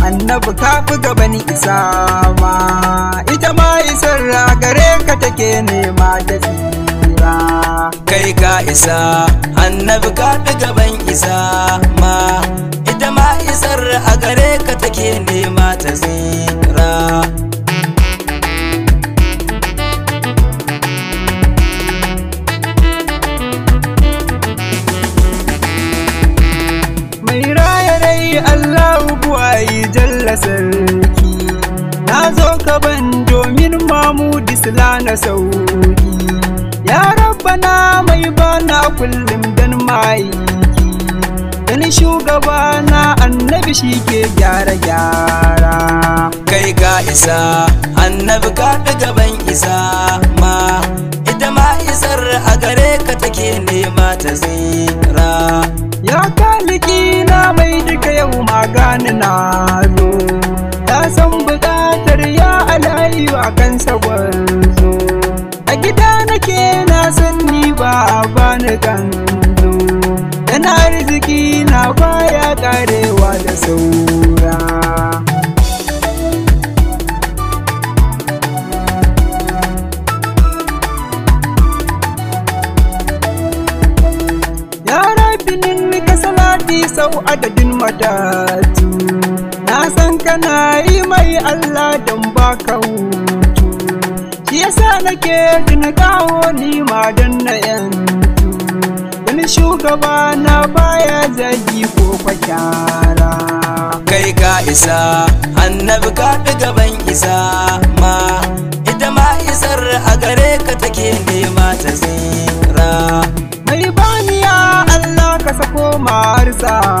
annabi ka fi gaban isa ma ita ma isar gare ka take nema ta tsira kai ka isa annabi ka fi gaban isa ma sila na sauki ya rabbana mai bana kullum dan ma'aiki dan shugaba na annabi shi ke gyara gyara kai ga isa annabi ka gaban isa arziki na baya karewa da saura yara binin ka salati sau adadin matatu na san kana yi mai allah don baka hutu shi yasa nake tuna kawo ni ma don na yan shugaba na baya zagi ko kwakyara kai ka isa annabi ka gaban isa ma ita ma isar a gare ka take nema ta zira mai baniya Allah ka sako ma marsa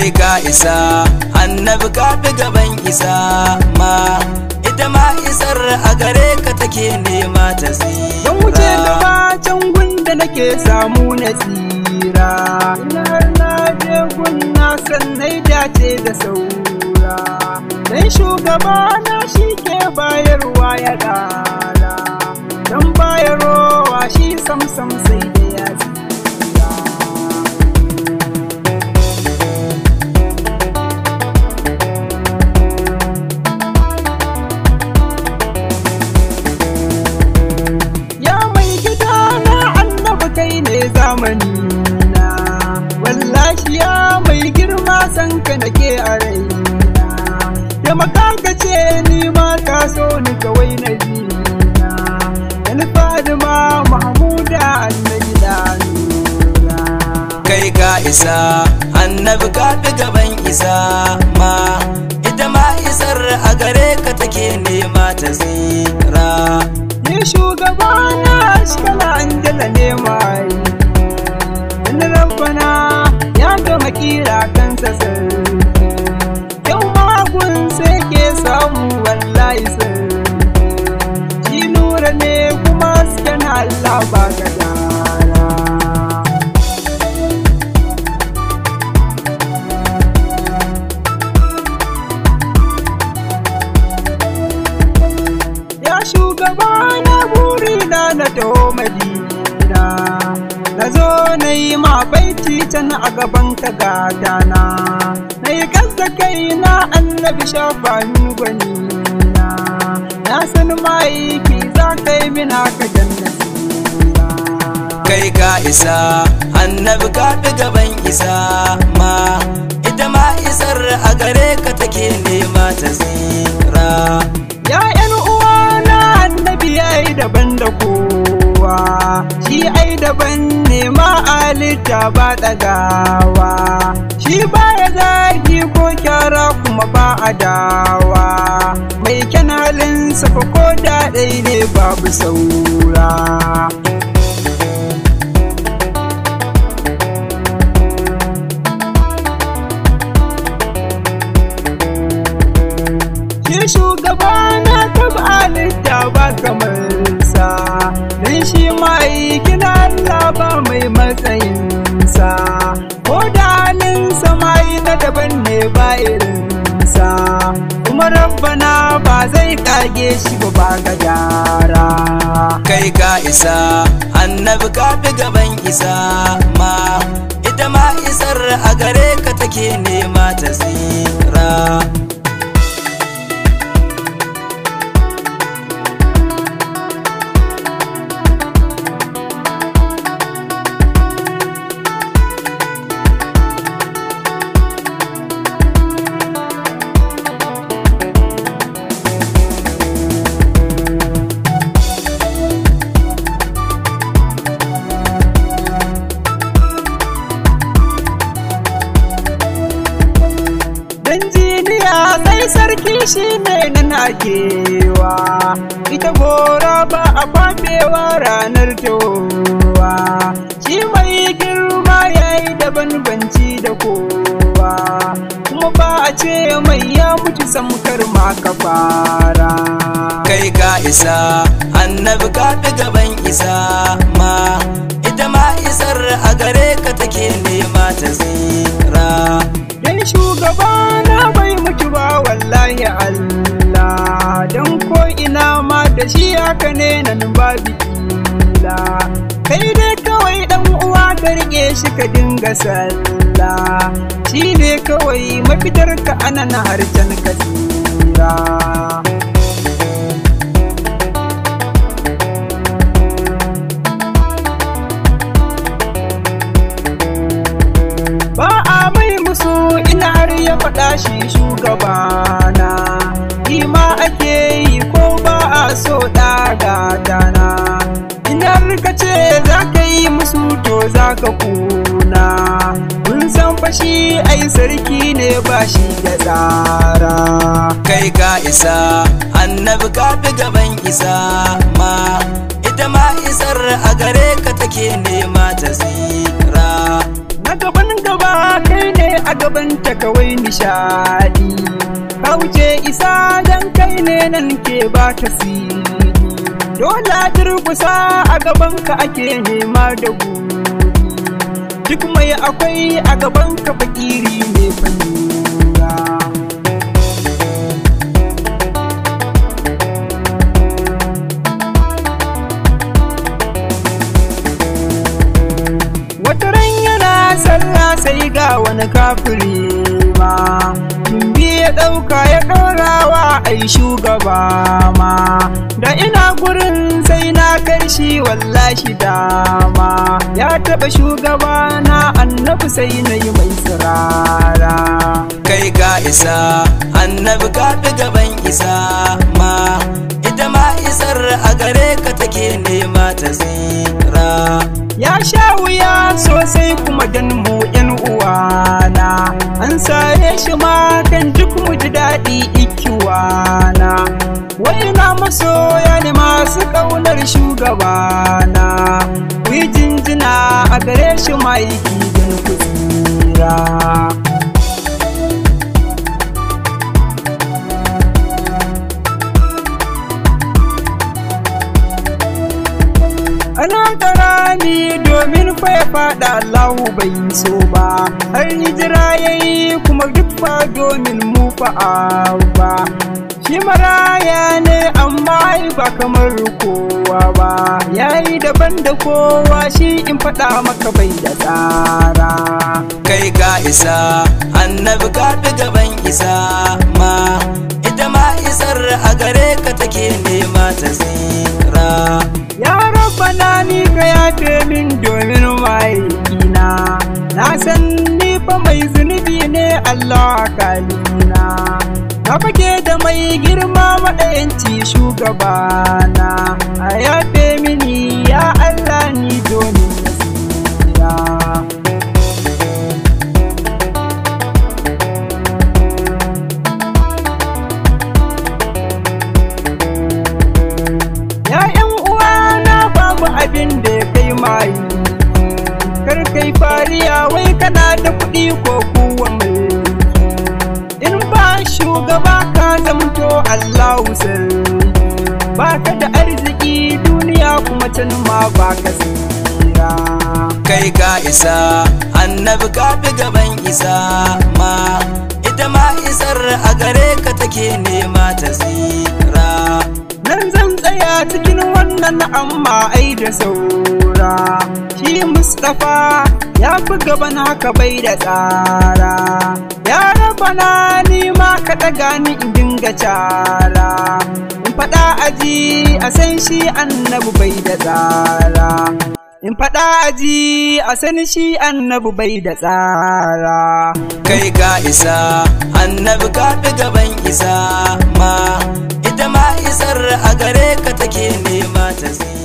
kai ka isa annabi ka fi gaban isa ma ita ma isar a gare ka take nema ta tsira don wuce ba can gunda nake samu na tsira ina na je gunna sannan dace da saura dan shugaba na shi ke bayarwa ya ƙara dan bayarwa shi sam sam sai amanina wallahi mai girma san ka nake a raina da makaka ce ni ma ka so ni kawai na jina da fadima mahmuda annabi da nuna kai ka isa annabi ka fi gaban isa ma ita ma isar a gare ka take nema ta zai shugaba na burina na taho madina na zo na yi ma baiti can a gaban ka gadana na yi kasa kaina annabi shafa min gwanina na san ma'aiki za ka yi min haka kai ka isa annabi ka fi gaban isa ma ita ma isar a gare ka take nema ta zira ya yan uwa na annabi ya yi daban da kowa shi ai daban ne ma alita ba ɗagawa shi ba ya zagi ko kyara kuma ba adawa mai kyan halin safa ko daɗai ne babu saura na daban ne ba irinsa kuma rabbana ba zai kage shi ba ba ga yara kai ka isa annabi ka fi gaban isa ma ita ma isar a gare ka take nema ta tsira kishi mai na kewa ita gora ba a kwafewa ranar towa shi mai girma ya yi daban banci da kowa kuma ba a ce mai ya mutu samkar maka fara kai ka isa annabi ka fi gaban isa ne nan babu kila kai dai kawai dan uwa ka shi ka dinga sallah shi ne kawai mafitar ka anan har can ka ba a mai musu ina har ya faɗa shi shugaba ba shi da tsara kai ka isa annabi ka fi gaban isa ma ita ma isar a gare ka take nema ta zira na gaban gaba kai ne a gaban ta kawai nishadi ka wuce isa don kai ne nan ke ba ta dole turkusa a gaban ka ake nema da gudu duk mai akwai a gaban ka fakiri ne fanni wani kafiri ba bi ya ɗauka ya ɗorawa ai shugaba ma da ina gurin sai na karshi wallashi dama ya taɓa shugaba na annabi sai na yi mai tsirara kai ka isa annabi ka gaban isa ma ita ma isar a gare ka take nema ta zira ya sha wuya sosai kuma dan mu ikiwana an saye shi ma kan duk mu ji daɗi ikiwana wai na masoya ne masu ƙaunar shugabana ku jinjina a gare shi ma iki don kusura ya faɗa Allahu bai yi so ba har hijira ya yi kuma duk domin mu fa'a ba shi maraya ne amma ba kamar kowa ba yayi daban da kowa shi in faɗa maka bai da tsara kai ga isa annabi ka fi gaban isa ma ita ma isar a gare ka take nema ta zira ya rabba na ni ka min mawayina na san ni fa mai zunubi ne Allah kalina na fage da mai girma maɗayanci shugabana a yafe mini ya Allah tun ma ba ka tsira kai ka isa annabi ka fi gaban isa ma ita ma isar a gare ka take nema ta tsira nan zan tsaya cikin wannan amma ai da saura shi mustapha ya fi gaban haka bai da tsara ya raba na ma ka ɗaga ni in dinga cara aji a san shi annabu bai da tsara in faɗa aji a san shi annabu bai da tsara kai ka isa annabu ka fi gaban isa ma ita ma isar a gare ka take nema ta zai